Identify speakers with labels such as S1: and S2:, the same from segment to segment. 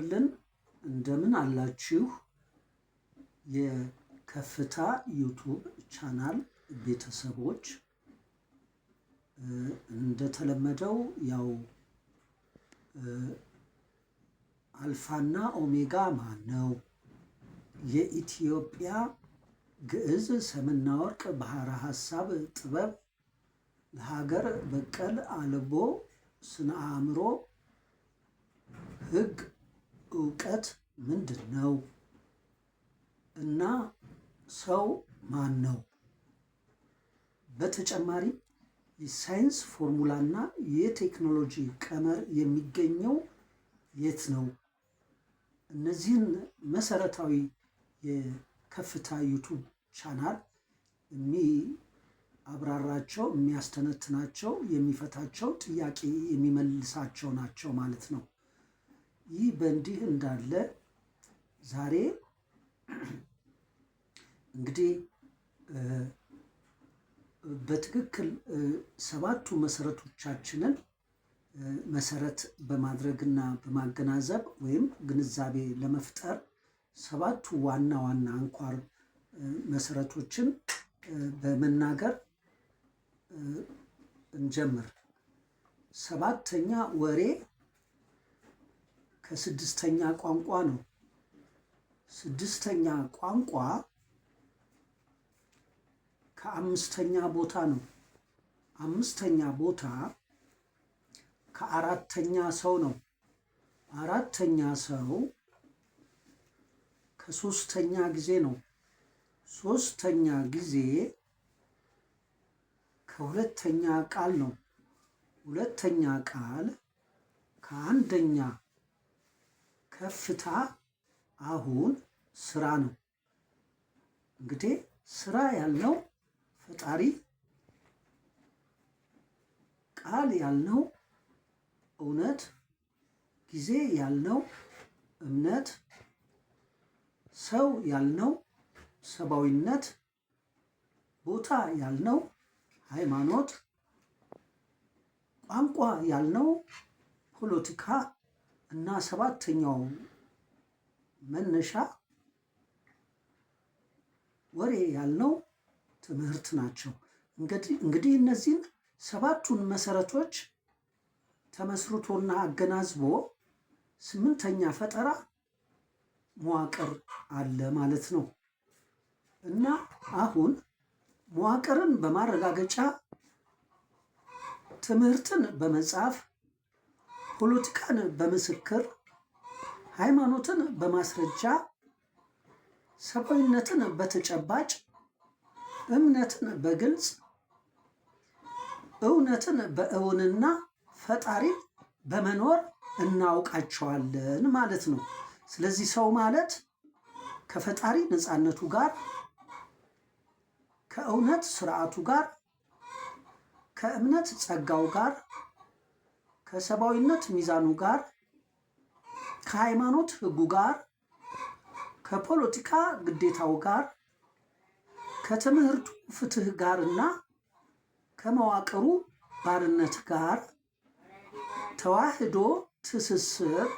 S1: ይስጥልን። እንደምን አላችሁ? የከፍታ ዩቱብ ቻናል ቤተሰቦች እንደተለመደው ያው አልፋና ኦሜጋ ማን ነው? የኢትዮጵያ ግዕዝ ሰምና ወርቅ ባህረ ሀሳብ ጥበብ ለሀገር በቀል አልቦ ስነ አእምሮ ሕግ እውቀት ምንድን ነው እና ሰው ማን ነው? በተጨማሪ የሳይንስ ፎርሙላ እና የቴክኖሎጂ ቀመር የሚገኘው የት ነው? እነዚህን መሰረታዊ የከፍታ ዩቱብ ቻናል የሚያብራራቸው፣ የሚያስተነትናቸው፣ የሚፈታቸው ጥያቄ የሚመልሳቸው ናቸው ማለት ነው። ይህ በእንዲህ እንዳለ ዛሬ እንግዲህ በትክክል ሰባቱ መሰረቶቻችንን መሰረት በማድረግና በማገናዘብ ወይም ግንዛቤ ለመፍጠር ሰባቱ ዋና ዋና አንኳር መሰረቶችን በመናገር እንጀምር። ሰባተኛ ወሬ ከስድስተኛ ቋንቋ ነው። ስድስተኛ ቋንቋ ከአምስተኛ ቦታ ነው። አምስተኛ ቦታ ከአራተኛ ሰው ነው። አራተኛ ሰው ከሶስተኛ ጊዜ ነው። ሶስተኛ ጊዜ ከሁለተኛ ቃል ነው። ሁለተኛ ቃል ከአንደኛ ከፍታ አሁን ስራ ነው። እንግዲህ ስራ ያልነው ፈጣሪ፣ ቃል ያልነው እውነት፣ ጊዜ ያልነው እምነት፣ ሰው ያልነው ሰብአዊነት፣ ቦታ ያልነው ሃይማኖት፣ ቋንቋ ያልነው ፖለቲካ እና ሰባተኛው መነሻ ወሬ ያልነው ትምህርት ናቸው። እንግዲህ እነዚህን ሰባቱን መሰረቶች ተመስርቶና አገናዝቦ ስምንተኛ ፈጠራ መዋቅር አለ ማለት ነው እና አሁን መዋቅርን በማረጋገጫ ትምህርትን በመጽሐፍ ፖለቲካን በምስክር ሃይማኖትን በማስረጃ ሰብአዊነትን በተጨባጭ እምነትን በግልጽ እውነትን በእውንና ፈጣሪን በመኖር እናውቃቸዋለን ማለት ነው። ስለዚህ ሰው ማለት ከፈጣሪ ነፃነቱ ጋር ከእውነት ስርዓቱ ጋር ከእምነት ጸጋው ጋር ከሰብአዊነት ሚዛኑ ጋር፣ ከሃይማኖት ህጉ ጋር፣ ከፖለቲካ ግዴታው ጋር፣ ከትምህርቱ ፍትህ ጋር እና ከመዋቅሩ ባርነት ጋር ተዋህዶ ትስስር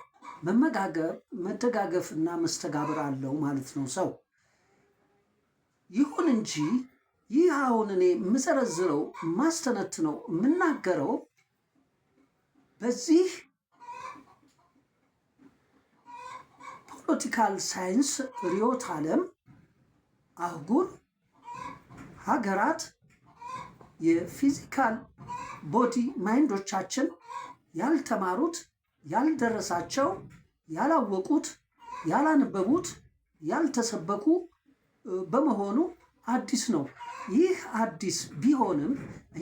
S1: መመጋገብ እና መስተጋብር አለው ማለት ነው ሰው። ይሁን እንጂ ይህ አሁን እኔ የምዘረዝረው የማስተነትነው የምናገረው በዚህ ፖለቲካል ሳይንስ ርዕዮተ ዓለም አህጉር ሀገራት የፊዚካል ቦዲ ማይንዶቻችን ያልተማሩት፣ ያልደረሳቸው፣ ያላወቁት፣ ያላነበቡት፣ ያልተሰበኩ በመሆኑ አዲስ ነው። ይህ አዲስ ቢሆንም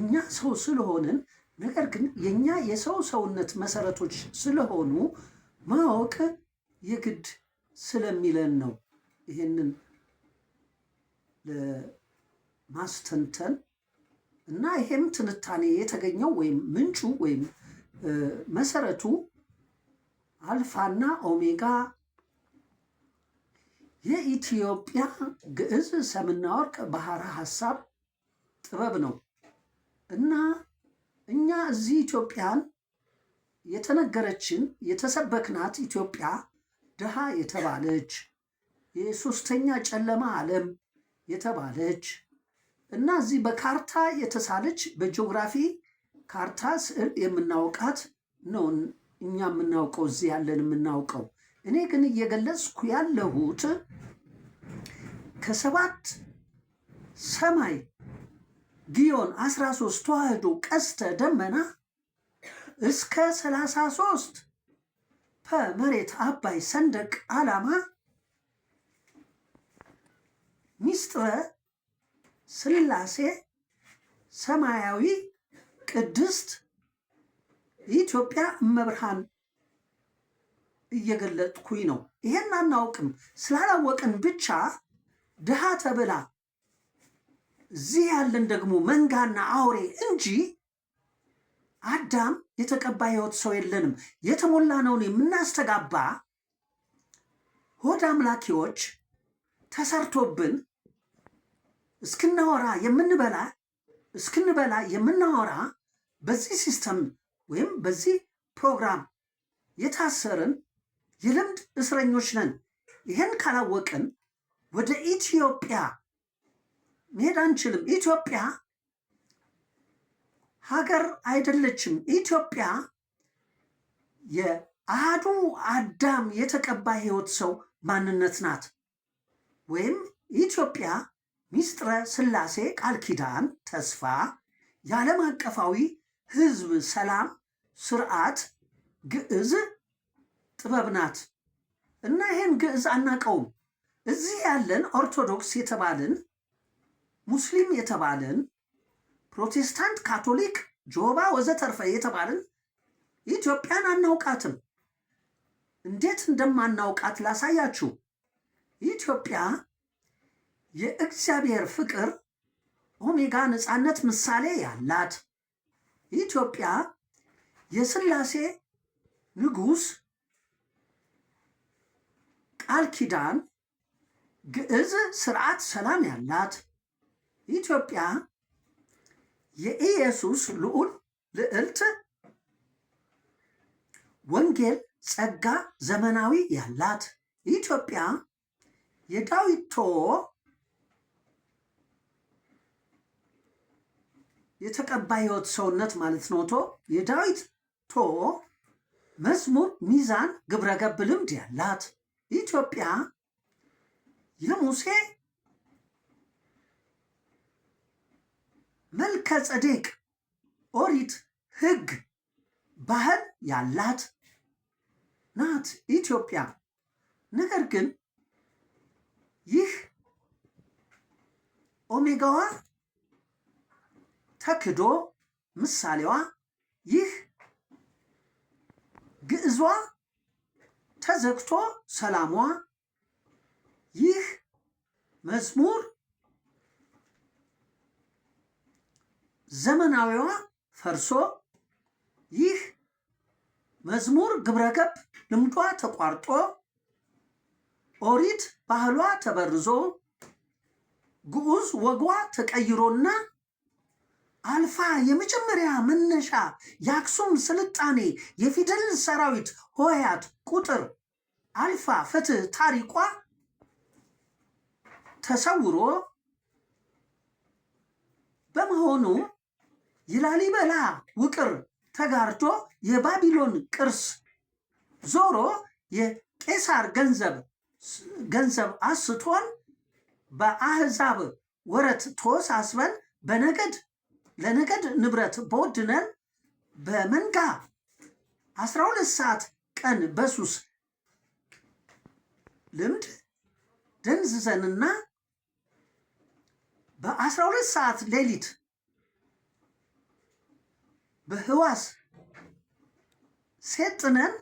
S1: እኛ ሰው ስለሆንን ነገር ግን የእኛ የሰው ሰውነት መሰረቶች ስለሆኑ ማወቅ የግድ ስለሚለን ነው። ይህንን ለማስተንተን እና ይሄም ትንታኔ የተገኘው ወይም ምንጩ ወይም መሰረቱ አልፋና ኦሜጋ የኢትዮጵያ ግዕዝ ሰምና ወርቅ ባህረ ሀሳብ ጥበብ ነው እና እኛ እዚህ ኢትዮጵያን የተነገረችን የተሰበክናት ኢትዮጵያ ድሃ የተባለች የሶስተኛ ጨለማ ዓለም የተባለች እና እዚህ በካርታ የተሳለች በጂኦግራፊ ካርታ ስዕል የምናውቃት ነው። እኛ የምናውቀው እዚህ ያለን የምናውቀው። እኔ ግን እየገለጽኩ ያለሁት ከሰባት ሰማይ ግዮን 13 ተዋህዶ ቀስተ ደመና እስከ 33 በመሬት አባይ ሰንደቅ ዓላማ ሚስጥረ ስላሴ ሰማያዊ ቅድስት ኢትዮጵያ እመብርሃን እየገለጥኩኝ ነው። ይሄን አናውቅም። ስላላወቅን ብቻ ድሃ ተብላ እዚህ ያለን ደግሞ መንጋና አውሬ እንጂ አዳም የተቀባ ህይወት ሰው የለንም። የተሞላ ነውን የምናስተጋባ ሆድ አምላኪዎች ተሰርቶብን እስክናወራ የምንበላ እስክንበላ የምናወራ በዚህ ሲስተም ወይም በዚህ ፕሮግራም የታሰርን የልምድ እስረኞች ነን። ይህን ካላወቅን ወደ ኢትዮጵያ መሄድ አንችልም። ኢትዮጵያ ሀገር አይደለችም። ኢትዮጵያ የአህዱ አዳም የተቀባ ህይወት ሰው ማንነት ናት። ወይም ኢትዮጵያ ሚስጥረ ስላሴ ቃል ኪዳን ተስፋ የዓለም አቀፋዊ ህዝብ ሰላም ስርዓት ግዕዝ ጥበብ ናት እና ይህን ግዕዝ አናቀውም። እዚህ ያለን ኦርቶዶክስ የተባልን ሙስሊም የተባልን ፕሮቴስታንት፣ ካቶሊክ፣ ጆባ ወዘተርፈ የተባልን ኢትዮጵያን አናውቃትም። እንዴት እንደማናውቃት ላሳያችሁ። ኢትዮጵያ የእግዚአብሔር ፍቅር ኦሜጋ ነፃነት ምሳሌ ያላት ኢትዮጵያ የስላሴ ንጉስ ቃል ኪዳን ግዕዝ ስርዓት ሰላም ያላት ኢትዮጵያ የኢየሱስ ልዑል ልዕልት ወንጌል ጸጋ ዘመናዊ ያላት ኢትዮጵያ የዳዊቶ የተቀባዮት ሰውነት ማለት ነው። ቶ የዳዊት ቶ መዝሙር ሚዛን ግብረገብ ልምድ ያላት ኢትዮጵያ የሙሴ መልከ ጸዴቅ ኦሪት ህግ ባህል ያላት ናት ኢትዮጵያ። ነገር ግን ይህ ኦሜጋዋ ተክዶ ምሳሌዋ ይህ ግዕዟ ተዘግቶ ሰላሟ ይህ መዝሙር ዘመናዊዋ ፈርሶ ይህ መዝሙር ግብረገብ ልምዷ ተቋርጦ ኦሪት ባህሏ ተበርዞ ግዑዝ ወጓ ተቀይሮና አልፋ የመጀመሪያ መነሻ የአክሱም ስልጣኔ የፊደል ሰራዊት ሆያት ቁጥር አልፋ ፍትህ ታሪኳ ተሰውሮ በመሆኑ የላሊበላ ውቅር ተጋርቶ የባቢሎን ቅርስ ዞሮ የቄሳር ገንዘብ ገንዘብ አስቶን በአህዛብ ወረት ተወሳስበን በነገድ ለነገድ ንብረት በወድነን በመንጋ አስራ ሁለት ሰዓት ቀን በሱስ ልምድ ደንዝዘንና በአስራ ሁለት ሰዓት ሌሊት በህዋስ ሴጥነን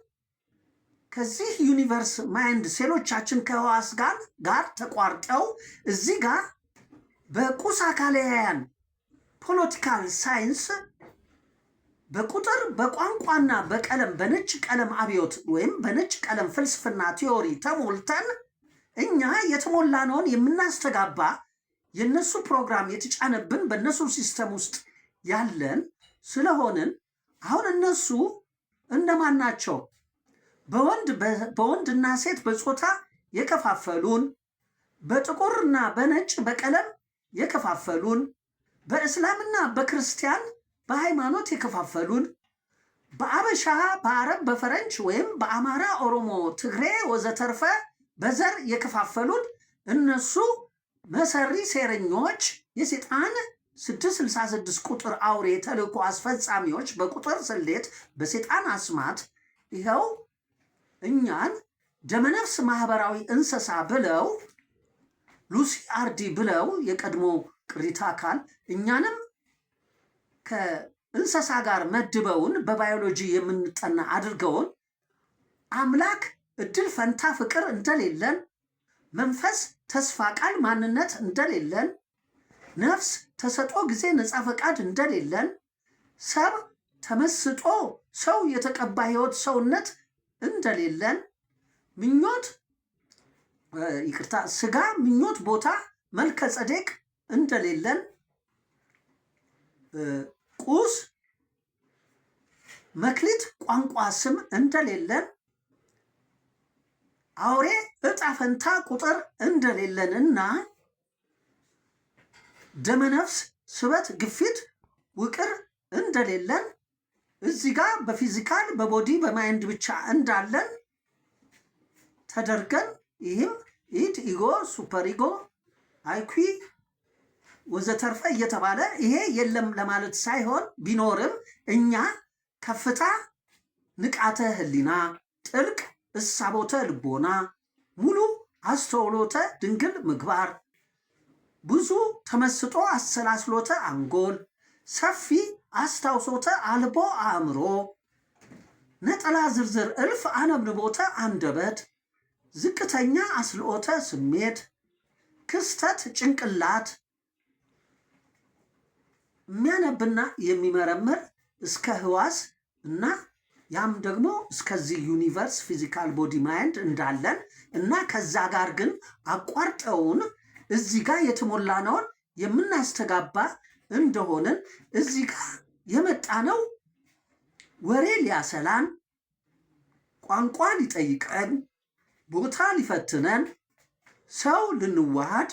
S1: ከዚህ ዩኒቨርስ ማይንድ ሴሎቻችን ከህዋስ ጋር ጋር ተቋርጠው እዚህ ጋር በቁስ አካላውያን ፖለቲካል ሳይንስ በቁጥር በቋንቋና በቀለም በነጭ ቀለም አብዮት ወይም በነጭ ቀለም ፍልስፍና ቲዮሪ ተሞልተን እኛ የተሞላነውን የምናስተጋባ የእነሱ ፕሮግራም የተጫነብን በእነሱ ሲስተም ውስጥ ያለን ስለሆንን አሁን እነሱ እንደማን ናቸው? በወንድ በወንድና ሴት በጾታ የከፋፈሉን፣ በጥቁርና በነጭ በቀለም የከፋፈሉን፣ በእስላምና በክርስቲያን በሃይማኖት የከፋፈሉን፣ በአበሻ በአረብ በፈረንች ወይም በአማራ ኦሮሞ፣ ትግሬ ወዘተርፈ በዘር የከፋፈሉን እነሱ መሰሪ ሴረኞች የሴጣን 666 ቁጥር አውሬ ተልእኮ አስፈጻሚዎች በቁጥር ስሌት በሴጣን አስማት ይኸው እኛን ደመነፍስ ማህበራዊ እንስሳ ብለው ሉሲ አርዲ ብለው የቀድሞ ቅሪተ አካል እኛንም ከእንስሳ ጋር መድበውን በባዮሎጂ የምንጠና አድርገውን አምላክ እድል፣ ፈንታ፣ ፍቅር እንደሌለን መንፈስ፣ ተስፋ፣ ቃል፣ ማንነት እንደሌለን ነፍስ ተሰጦ ጊዜ ነፃ ፈቃድ እንደሌለን ሰብ ተመስጦ ሰው የተቀባ ህይወት ሰውነት እንደሌለን ምኞት ይቅርታ ስጋ ምኞት ቦታ መልከ ጸዴቅ እንደሌለን ቁስ መክሊት ቋንቋ ስም እንደሌለን አውሬ ዕጣ ፈንታ ቁጥር እንደሌለንና ደመነፍስ፣ ስበት፣ ግፊት፣ ውቅር እንደሌለን እዚህ ጋር በፊዚካል በቦዲ በማይንድ ብቻ እንዳለን ተደርገን ይህም ኢድ፣ ኢጎ፣ ሱፐር ኢጎ፣ አይኩ ወዘተርፈ እየተባለ ይሄ የለም ለማለት ሳይሆን ቢኖርም እኛ ከፍታ ንቃተ ህሊና፣ ጥልቅ እሳቦተ ልቦና፣ ሙሉ አስተውሎተ ድንግል ምግባር ብዙ ተመስጦ አሰላስሎተ አንጎል፣ ሰፊ አስታውሶተ አልቦ አእምሮ፣ ነጠላ ዝርዝር እልፍ አነብንቦተ አንደበት፣ ዝቅተኛ አስልኦተ ስሜት፣ ክስተት ጭንቅላት የሚያነብና የሚመረምር እስከ ህዋስ እና ያም ደግሞ እስከዚህ ዩኒቨርስ ፊዚካል ቦዲ ማይንድ እንዳለን እና ከዛ ጋር ግን አቋርጠውን እዚህ ጋር የተሞላነውን የምናስተጋባ እንደሆንን እዚህ ጋር ነው ወሬ ሊያሰላን፣ ቋንቋ ሊጠይቀን፣ ቦታ ሊፈትነን፣ ሰው ልንዋሃድ፣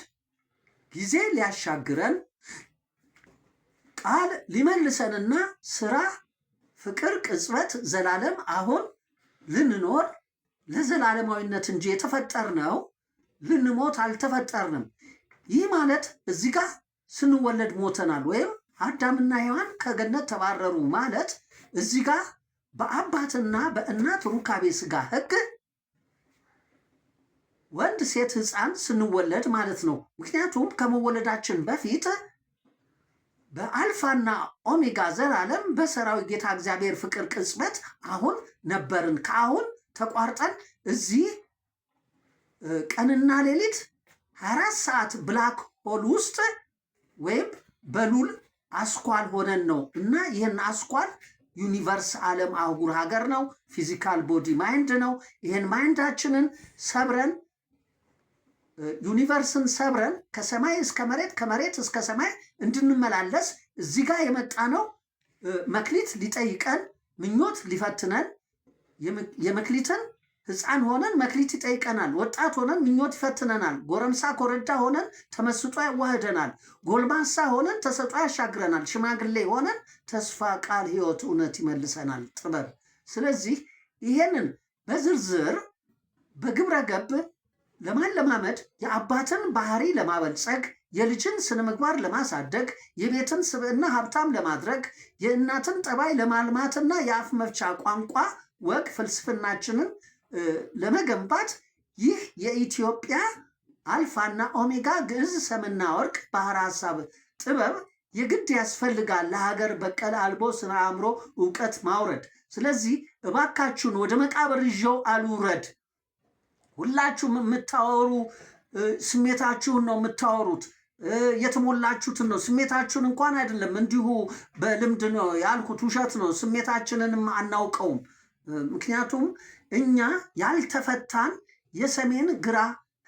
S1: ጊዜ ሊያሻግረን፣ ቃል ሊመልሰንና ስራ፣ ፍቅር፣ ቅጽበት፣ ዘላለም አሁን ልንኖር ለዘላለማዊነት እንጂ የተፈጠርነው ልንሞት አልተፈጠርንም። ይህ ማለት እዚህ ጋር ስንወለድ ሞተናል ወይም አዳምና ሔዋን ከገነት ተባረሩ ማለት እዚህ ጋር በአባትና በእናት ሩካቤ ስጋ ህግ ወንድ ሴት ህፃን ስንወለድ ማለት ነው። ምክንያቱም ከመወለዳችን በፊት በአልፋና ኦሜጋ ዘላለም በሰራዊ ጌታ እግዚአብሔር ፍቅር ቅጽበት አሁን ነበርን። ከአሁን ተቋርጠን እዚህ ቀንና ሌሊት 24 ሰዓት ብላክ ሆል ውስጥ ወይም በሉል አስኳል ሆነን ነው እና ይህን አስኳል ዩኒቨርስ ዓለም አህጉር ሀገር ነው። ፊዚካል ቦዲ ማይንድ ነው። ይህን ማይንዳችንን ሰብረን ዩኒቨርስን ሰብረን ከሰማይ እስከ መሬት ከመሬት እስከ ሰማይ እንድንመላለስ እዚህ ጋር የመጣ ነው። መክሊት ሊጠይቀን፣ ምኞት ሊፈትነን የመክሊትን ህፃን ሆነን መክሊት ይጠይቀናል። ወጣት ሆነን ምኞት ይፈትነናል። ጎረምሳ ኮረዳ ሆነን ተመስጦ ያዋህደናል። ጎልማሳ ሆነን ተሰጦ ያሻግረናል። ሽማግሌ ሆነን ተስፋ፣ ቃል፣ ህይወት እውነት ይመልሰናል። ጥበብ። ስለዚህ ይሄንን በዝርዝር በግብረ ገብ ለማለማመድ የአባትን ባህሪ ለማበልጸግ የልጅን ስነ ምግባር ለማሳደግ የቤትን ስብዕና ሀብታም ለማድረግ የእናትን ጠባይ ለማልማትና የአፍ መፍቻ ቋንቋ ወግ ፍልስፍናችንን ለመገንባት ይህ የኢትዮጵያ አልፋና ኦሜጋ ግዕዝ፣ ሰምና ወርቅ፣ ባህረ ሀሳብ ጥበብ የግድ ያስፈልጋል ለሀገር በቀል አልቦ ስነ አእምሮ እውቀት ማውረድ። ስለዚህ እባካችሁን ወደ መቃብር ይዤው አልውረድ። ሁላችሁም የምታወሩ ስሜታችሁን ነው የምታወሩት፣ የተሞላችሁትን ነው። ስሜታችሁን እንኳን አይደለም እንዲሁ በልምድ ነው ያልኩት፣ ውሸት ነው። ስሜታችንንም አናውቀውም። ምክንያቱም እኛ ያልተፈታን የሰሜን ግራ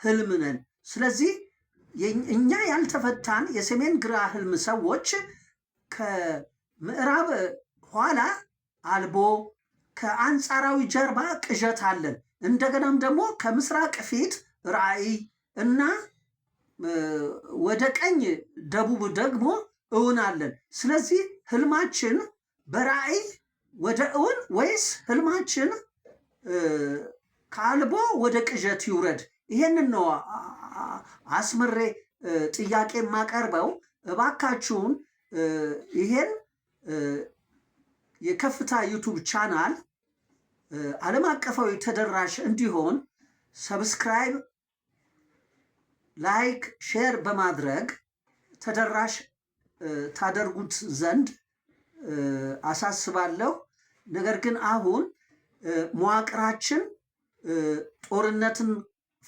S1: ህልም ነን። ስለዚህ እኛ ያልተፈታን የሰሜን ግራ ህልም ሰዎች ከምዕራብ ኋላ አልቦ ከአንጻራዊ ጀርባ ቅዠት አለን። እንደገናም ደግሞ ከምስራቅ ፊት ራዕይ እና ወደ ቀኝ ደቡብ ደግሞ እውን አለን። ስለዚህ ህልማችን በራዕይ ወደ እውን ወይስ ህልማችን ከአልቦ ወደ ቅዠት ይውረድ። ይሄንን ነው አስምሬ ጥያቄ የማቀርበው። እባካችሁን ይሄን የከፍታ ዩቱብ ቻናል ዓለም አቀፋዊ ተደራሽ እንዲሆን ሰብስክራይብ፣ ላይክ፣ ሼር በማድረግ ተደራሽ ታደርጉት ዘንድ አሳስባለሁ። ነገር ግን አሁን መዋቅራችን ጦርነትን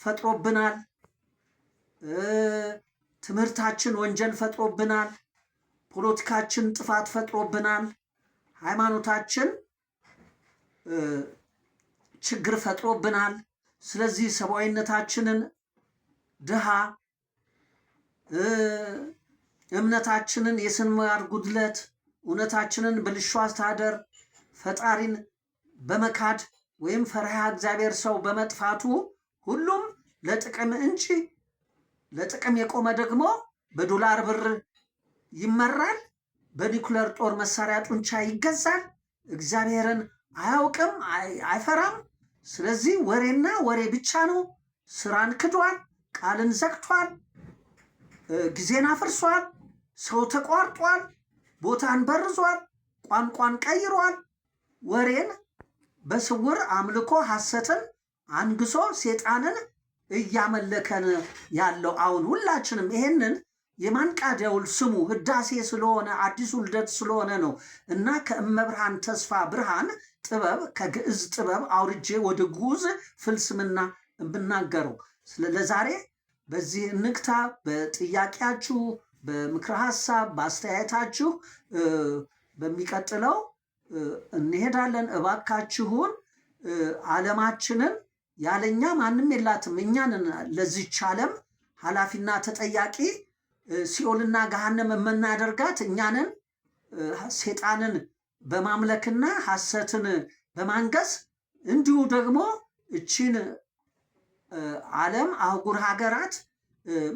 S1: ፈጥሮብናል። ትምህርታችን ወንጀል ፈጥሮብናል። ፖለቲካችን ጥፋት ፈጥሮብናል። ሃይማኖታችን ችግር ፈጥሮብናል። ስለዚህ ሰብአዊነታችንን ድሃ፣ እምነታችንን የስነ ጉድለት፣ እውነታችንን ብልሹ አስተዳደር፣ ፈጣሪን በመካድ ወይም ፈሪሃ እግዚአብሔር ሰው በመጥፋቱ ሁሉም ለጥቅም እንጂ ለጥቅም የቆመ ደግሞ በዶላር ብር ይመራል፣ በኒኩለር ጦር መሳሪያ ጡንቻ ይገዛል፣ እግዚአብሔርን አያውቅም፣ አይፈራም። ስለዚህ ወሬና ወሬ ብቻ ነው። ስራን ክዷል፣ ቃልን ዘግቷል፣ ጊዜን አፍርሷል፣ ሰው ተቋርጧል፣ ቦታን በርዟል፣ ቋንቋን ቀይሯል፣ ወሬን በስውር አምልኮ ሐሰትን አንግሶ ሴጣንን እያመለከን ያለው አሁን ሁላችንም ይሄንን የማንቃድ ስሙ ህዳሴ ስለሆነ አዲሱ ልደት ስለሆነ ነው እና ከእመብርሃን ተስፋ ብርሃን ጥበብ ከግዕዝ ጥበብ አውርጄ ወደ ጉዝ ፍልስምና የምናገረው ለዛሬ በዚህ ንግታ በጥያቄያችሁ በምክረ ሀሳብ በአስተያየታችሁ በሚቀጥለው እንሄዳለን። እባካችሁን ዓለማችንን ያለኛ ማንም የላትም እኛንን ለዚች ዓለም ኃላፊና ተጠያቂ ሲኦልና ገሃነም የምናደርጋት እኛንን ሴጣንን በማምለክና ሐሰትን በማንገስ እንዲሁ ደግሞ እቺን ዓለም አህጉር ሀገራት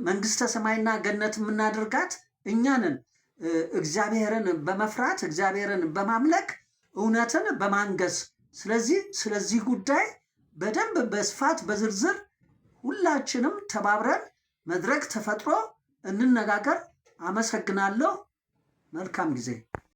S1: መንግስተ ሰማይና ገነት የምናደርጋት እኛንን እግዚአብሔርን በመፍራት እግዚአብሔርን በማምለክ እውነትን በማንገስ ስለዚህ ስለዚህ ጉዳይ በደንብ በስፋት በዝርዝር ሁላችንም ተባብረን መድረክ ተፈጥሮ እንነጋገር። አመሰግናለሁ። መልካም ጊዜ